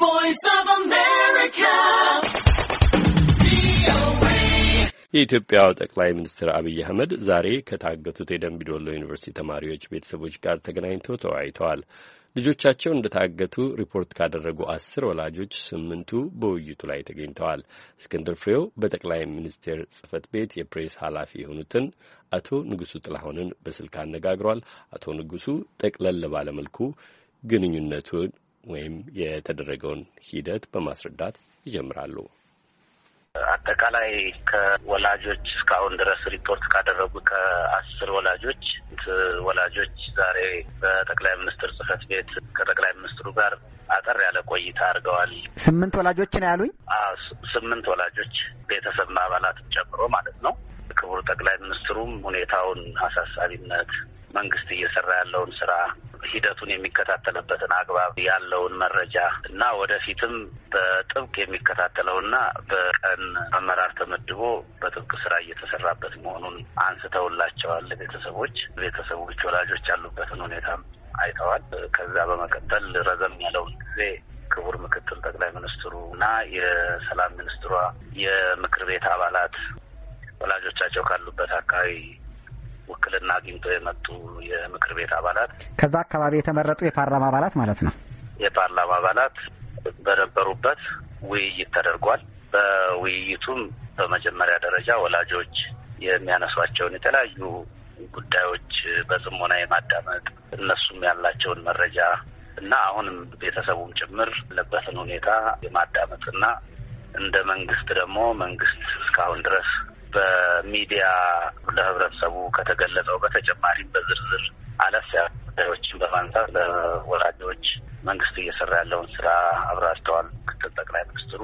voice የኢትዮጵያው ጠቅላይ ሚኒስትር አብይ አህመድ ዛሬ ከታገቱት የደንቢዶሎ ዩኒቨርሲቲ ተማሪዎች ቤተሰቦች ጋር ተገናኝተው ተወያይተዋል። ልጆቻቸው እንደታገቱ ሪፖርት ካደረጉ አስር ወላጆች ስምንቱ በውይይቱ ላይ ተገኝተዋል። እስክንድር ፍሬው በጠቅላይ ሚኒስቴር ጽህፈት ቤት የፕሬስ ኃላፊ የሆኑትን አቶ ንጉሱ ጥላሁንን በስልክ አነጋግሯል። አቶ ንጉሱ ጠቅለል ባለመልኩ ግንኙነቱን ወይም የተደረገውን ሂደት በማስረዳት ይጀምራሉ። አጠቃላይ ከወላጆች እስካሁን ድረስ ሪፖርት ካደረጉ ከአስር ወላጆች ወላጆች ዛሬ በጠቅላይ ሚኒስትር ጽህፈት ቤት ከጠቅላይ ሚኒስትሩ ጋር አጠር ያለ ቆይታ አድርገዋል። ስምንት ነው ያሉኝ ስምንት ወላጆች ቤተሰብ አባላትን ጨምሮ ማለት ነው። ክቡር ጠቅላይ ሚኒስትሩም ሁኔታውን አሳሳቢነት፣ መንግስት እየሰራ ያለውን ስራ ሂደቱን የሚከታተልበትን አግባብ ያለውን መረጃ እና ወደፊትም በጥብቅ የሚከታተለውና በቀን አመራር ተመድቦ በጥብቅ ስራ እየተሰራበት መሆኑን አንስተውላቸዋል። ቤተሰቦች ቤተሰቦች ወላጆች ያሉበትን ሁኔታም አይተዋል። ከዛ በመቀጠል ረዘም ያለውን ጊዜ ክቡር ምክትል ጠቅላይ ሚኒስትሩ እና የሰላም ሚኒስትሯ የምክር ቤት አባላት ወላጆቻቸው ካሉበት አካባቢ ውክልና አግኝቶ የመጡ የምክር ቤት አባላት ከዛ አካባቢ የተመረጡ የፓርላማ አባላት ማለት ነው። የፓርላማ አባላት በነበሩበት ውይይት ተደርጓል። በውይይቱም በመጀመሪያ ደረጃ ወላጆች የሚያነሷቸውን የተለያዩ ጉዳዮች በጽሞና የማዳመጥ እነሱም ያላቸውን መረጃ እና አሁንም ቤተሰቡም ጭምር ያለበትን ሁኔታ የማዳመጥና እንደ መንግስት ደግሞ መንግስት እስካሁን ድረስ በሚዲያ ለህብረተሰቡ ከተገለጸው በተጨማሪም በዝርዝር አለፍ ያሉ ጉዳዮችን በማንሳት ለወላጆች መንግስት እየሰራ ያለውን ስራ አብራርተዋል። ምክትል ጠቅላይ ሚኒስትሩ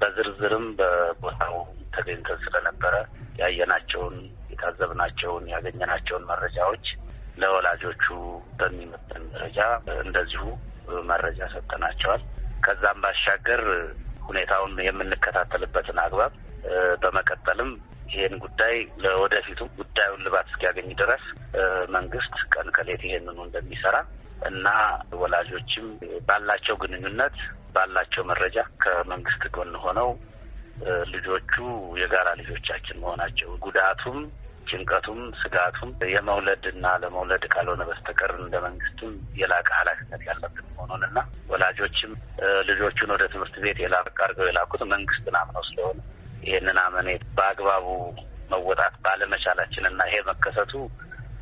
በዝርዝርም በቦታው ተገኝተን ስለነበረ ያየናቸውን፣ የታዘብናቸውን፣ ያገኘናቸውን መረጃዎች ለወላጆቹ በሚመጥን ደረጃ እንደዚሁ መረጃ ሰጥተናቸዋል። ከዛም ባሻገር ሁኔታውን የምንከታተልበትን አግባብ በመቀጠልም ይህን ጉዳይ ለወደፊቱ ጉዳዩን ልባት እስኪያገኝ ድረስ መንግስት ቀን ከሌት ይሄንኑ እንደሚሰራ እና ወላጆችም ባላቸው ግንኙነት ባላቸው መረጃ ከመንግስት ጎን ሆነው ልጆቹ የጋራ ልጆቻችን መሆናቸው ጉዳቱም ጭንቀቱም ስጋቱም የመውለድ እና ለመውለድ ካልሆነ በስተቀር እንደ መንግስትም የላቀ ኃላፊነት ያለብን መሆኑን እና ወላጆችም ልጆቹን ወደ ትምህርት ቤት የላቀ አድርገው የላኩት መንግስትን አምነው ስለሆነ ይህንን አመኔት በአግባቡ መወጣት ባለመቻላችን እና ይሄ መከሰቱ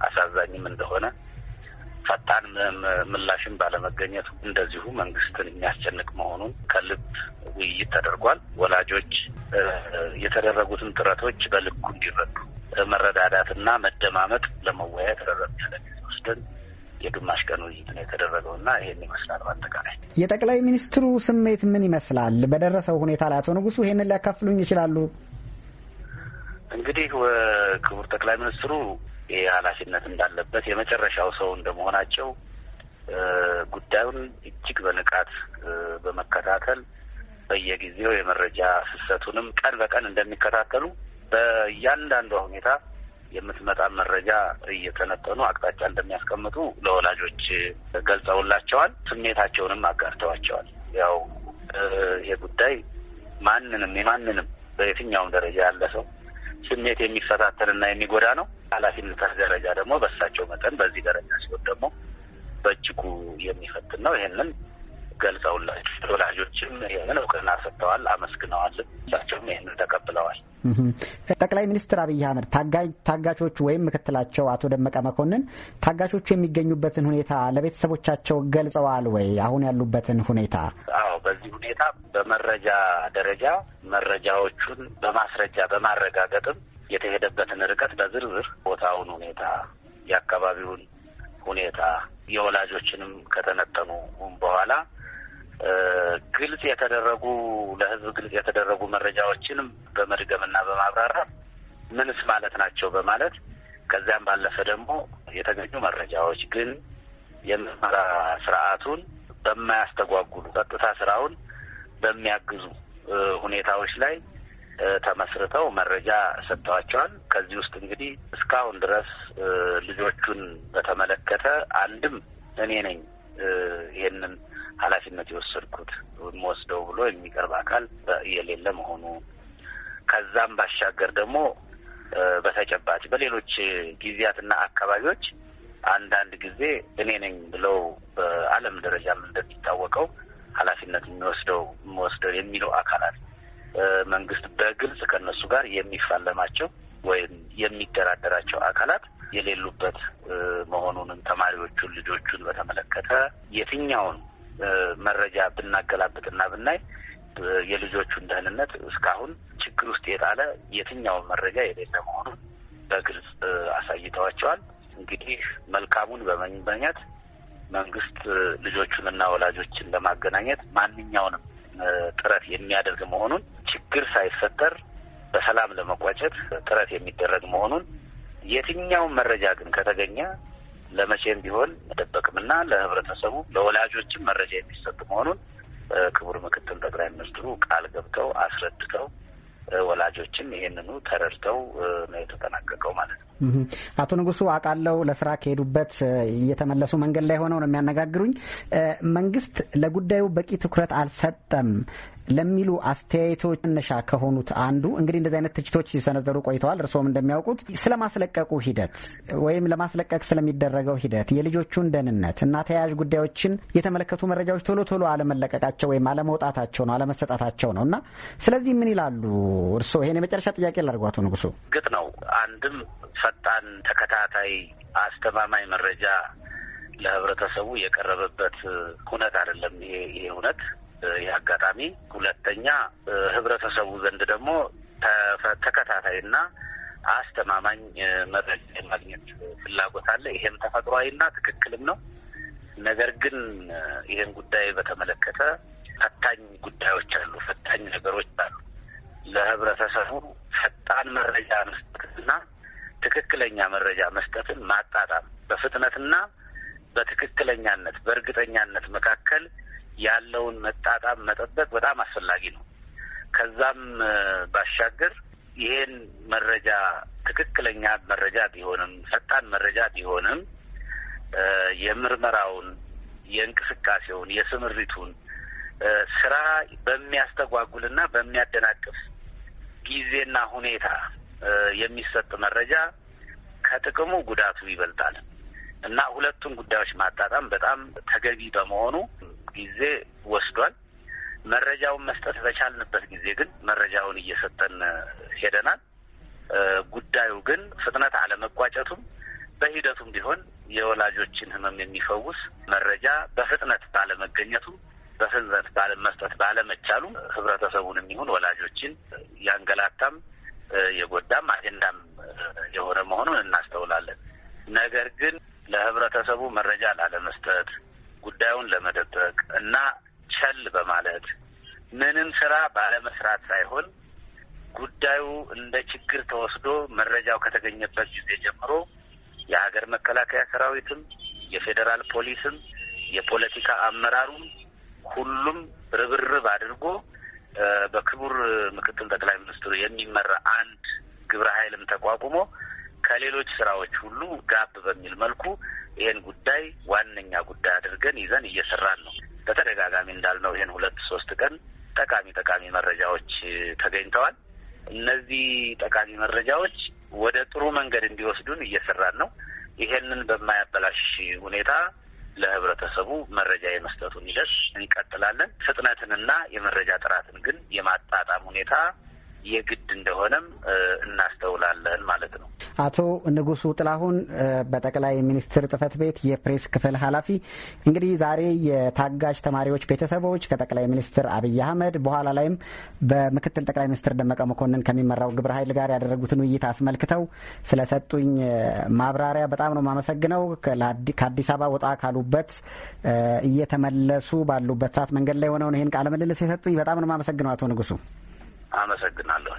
አሳዛኝም እንደሆነ ፈጣን ምላሽን ባለመገኘቱ እንደዚሁ መንግስትን የሚያስጨንቅ መሆኑን ከልብ ውይይት ተደርጓል። ወላጆች የተደረጉትን ጥረቶች በልኩ እንዲረዱ መረዳዳትና መደማመጥ ለመወያየት ረረብ ያለ ወስደን የግማሽ ቀን ውይይት ነው የተደረገው እና ይሄን ይመስላል። በአጠቃላይ የጠቅላይ ሚኒስትሩ ስሜት ምን ይመስላል በደረሰው ሁኔታ ላይ? አቶ ንጉሱ ይሄንን ሊያካፍሉኝ ይችላሉ? እንግዲህ ክቡር ጠቅላይ ሚኒስትሩ ይህ ኃላፊነት እንዳለበት የመጨረሻው ሰው እንደመሆናቸው ጉዳዩን እጅግ በንቃት በመከታተል በየጊዜው የመረጃ ፍሰቱንም ቀን በቀን እንደሚከታተሉ በእያንዳንዷ ሁኔታ የምትመጣ መረጃ እየተነጠኑ አቅጣጫ እንደሚያስቀምጡ ለወላጆች ገልጸውላቸዋል። ስሜታቸውንም አጋርተዋቸዋል። ያው ይሄ ጉዳይ ማንንም የማንንም በየትኛውም ደረጃ ያለ ሰው ስሜት የሚፈታተንና የሚጎዳ ነው። ኃላፊነት ደረጃ ደግሞ በእሳቸው መጠን በዚህ ደረጃ ሲሆን ደግሞ በእጅጉ የሚፈትን ነው። ይህንን ገልጸውላቸው ወላጆችም ይህንን እውቅና ሰጥተዋል፣ አመስግነዋል። እሳቸውም ይህንን ተቀብለዋል። ጠቅላይ ሚኒስትር አብይ አህመድ ታጋቾቹ ወይም ምክትላቸው አቶ ደመቀ መኮንን ታጋቾቹ የሚገኙበትን ሁኔታ ለቤተሰቦቻቸው ገልጸዋል ወይ? አሁን ያሉበትን ሁኔታ? አዎ፣ በዚህ ሁኔታ በመረጃ ደረጃ መረጃዎቹን በማስረጃ በማረጋገጥም የተሄደበትን ርቀት በዝርዝር ቦታውን ሁኔታ የአካባቢውን ሁኔታ የወላጆችንም ከተነጠኑ በኋላ ግልጽ የተደረጉ ለህዝብ ግልጽ የተደረጉ መረጃዎችን በመድገምና በማብራራት ምንስ ማለት ናቸው በማለት ከዚያም ባለፈ ደግሞ የተገኙ መረጃዎች ግን የምርመራ ስርዓቱን በማያስተጓጉሉ ቀጥታ ስራውን በሚያግዙ ሁኔታዎች ላይ ተመስርተው መረጃ ሰጥተዋቸዋል። ከዚህ ውስጥ እንግዲህ እስካሁን ድረስ ልጆቹን በተመለከተ አንድም እኔ ነኝ ይህንን ኃላፊነት የወሰድኩት የምወስደው ብሎ የሚቀርብ አካል የሌለ መሆኑ ከዛም ባሻገር ደግሞ በተጨባጭ በሌሎች ጊዜያትና አካባቢዎች አንዳንድ ጊዜ እኔ ነኝ ብለው በዓለም ደረጃም እንደሚታወቀው ኃላፊነት የሚወስደው የምወስደው የሚለው አካላት መንግስት በግልጽ ከእነሱ ጋር የሚፋለማቸው ወይም የሚደራደራቸው አካላት የሌሉበት መሆኑንም ተማሪዎቹን ልጆቹን በተመለከተ የትኛውን መረጃ ብናገላብጥና ብናይ የልጆቹን ደህንነት እስካሁን ችግር ውስጥ የጣለ የትኛውን መረጃ የሌለ መሆኑን በግልጽ አሳይተዋቸዋል። እንግዲህ መልካሙን በመመኘት መንግስት ልጆቹንና ወላጆችን ለማገናኘት ማንኛውንም ጥረት የሚያደርግ መሆኑን ችግር ሳይፈጠር በሰላም ለመቋጨት ጥረት የሚደረግ መሆኑን የትኛውን መረጃ ግን ከተገኘ ለመቼም ቢሆን መደበቅምና ለህብረተሰቡ ለወላጆችም መረጃ የሚሰጥ መሆኑን ክቡር ምክትል ጠቅላይ ሚኒስትሩ ቃል ገብተው አስረድተው ወላጆችም ይህንኑ ተረድተው ነው የተጠናቀቀው ማለት ነው። አቶ ንጉሱ አውቃለሁ ለስራ ከሄዱበት እየተመለሱ መንገድ ላይ ሆነው ነው የሚያነጋግሩኝ። መንግስት ለጉዳዩ በቂ ትኩረት አልሰጠም ለሚሉ አስተያየቶች መነሻ ከሆኑት አንዱ እንግዲህ እንደዚህ አይነት ትችቶች ሲሰነዘሩ ቆይተዋል። እርስዎም እንደሚያውቁት ስለማስለቀቁ ሂደት ወይም ለማስለቀቅ ስለሚደረገው ሂደት፣ የልጆቹን ደህንነት እና ተያያዥ ጉዳዮችን የተመለከቱ መረጃዎች ቶሎ ቶሎ አለመለቀቃቸው ወይም አለመውጣታቸው ነው አለመሰጣታቸው ነው እና ስለዚህ ምን ይላሉ እርስዎ? ይሄን የመጨረሻ ጥያቄ ላድርጓቱ ንጉሱ። ግጥ ነው አንድም ፈጣን ተከታታይ አስተማማኝ መረጃ ለህብረተሰቡ የቀረበበት ሁነት አይደለም። ይሄ ይሄ እውነት ይህ አጋጣሚ። ሁለተኛ ህብረተሰቡ ዘንድ ደግሞ ተከታታይና አስተማማኝ መረጃ የማግኘት ፍላጎት አለ። ይሄም ተፈጥሯዊና ትክክልም ነው። ነገር ግን ይህን ጉዳይ በተመለከተ ፈታኝ ጉዳዮች አሉ፣ ፈታኝ ነገሮች አሉ። ለህብረተሰቡ ፈጣን መረጃ መስጠትና ትክክለኛ መረጃ መስጠትን ማጣጣም በፍጥነትና በትክክለኛነት በእርግጠኛነት መካከል ያለውን መጣጣም መጠበቅ በጣም አስፈላጊ ነው። ከዛም ባሻገር ይሄን መረጃ ትክክለኛ መረጃ ቢሆንም ፈጣን መረጃ ቢሆንም የምርመራውን፣ የእንቅስቃሴውን፣ የስምሪቱን ስራ በሚያስተጓጉልና በሚያደናቅፍ ጊዜና ሁኔታ የሚሰጥ መረጃ ከጥቅሙ ጉዳቱ ይበልጣል እና ሁለቱን ጉዳዮች ማጣጣም በጣም ተገቢ በመሆኑ ጊዜ ወስዷል። መረጃውን መስጠት በቻልንበት ጊዜ ግን መረጃውን እየሰጠን ሄደናል። ጉዳዩ ግን ፍጥነት አለመቋጨቱም በሂደቱም ቢሆን የወላጆችን ሕመም የሚፈውስ መረጃ በፍጥነት ባለመገኘቱ በፍጥነት ባለመስጠት ባለመቻሉ ህብረተሰቡን የሚሆን ወላጆችን ያንገላታም የጎዳም አጀንዳም የሆነ መሆኑን እናስተውላለን። ነገር ግን ለህብረተሰቡ መረጃ ላለመስጠት ጉዳዩን ለመደበቅ እና ቸል በማለት ምንም ስራ ባለመስራት ሳይሆን ጉዳዩ እንደ ችግር ተወስዶ መረጃው ከተገኘበት ጊዜ ጀምሮ የሀገር መከላከያ ሰራዊትም የፌዴራል ፖሊስም የፖለቲካ አመራሩም ሁሉም ርብርብ አድርጎ በክቡር ምክትል ጠቅላይ ሚኒስትሩ የሚመራ አንድ ግብረ ኃይልም ተቋቁሞ ከሌሎች ስራዎች ሁሉ ጋብ በሚል መልኩ ይህን ጉዳይ ዋነኛ ጉዳይ አድርገን ይዘን እየሰራን ነው። በተደጋጋሚ እንዳልነው ይህን ሁለት ሶስት ቀን ጠቃሚ ጠቃሚ መረጃዎች ተገኝተዋል። እነዚህ ጠቃሚ መረጃዎች ወደ ጥሩ መንገድ እንዲወስዱን እየሰራን ነው። ይሄንን በማያበላሽ ሁኔታ ለህብረተሰቡ መረጃ የመስጠቱን ሂደት እንቀጥላለን። ፍጥነትንና የመረጃ ጥራትን ግን የማጣጣም ሁኔታ የግድ እንደሆነም እናስተውላለን ማለት ነው። አቶ ንጉሱ ጥላሁን በጠቅላይ ሚኒስትር ጽህፈት ቤት የፕሬስ ክፍል ኃላፊ፣ እንግዲህ ዛሬ የታጋሽ ተማሪዎች ቤተሰቦች ከጠቅላይ ሚኒስትር አብይ አህመድ በኋላ ላይም በምክትል ጠቅላይ ሚኒስትር ደመቀ መኮንን ከሚመራው ግብረ ኃይል ጋር ያደረጉትን ውይይት አስመልክተው ስለሰጡኝ ማብራሪያ በጣም ነው የማመሰግነው። ከአዲስ አበባ ወጣ ካሉበት እየተመለሱ ባሉበት ሰዓት መንገድ ላይ ሆነውን ይህን ቃለ ምልልስ የሰጡኝ በጣም ነው የማመሰግነው አቶ ንጉሱ። አመሰግናለሁ።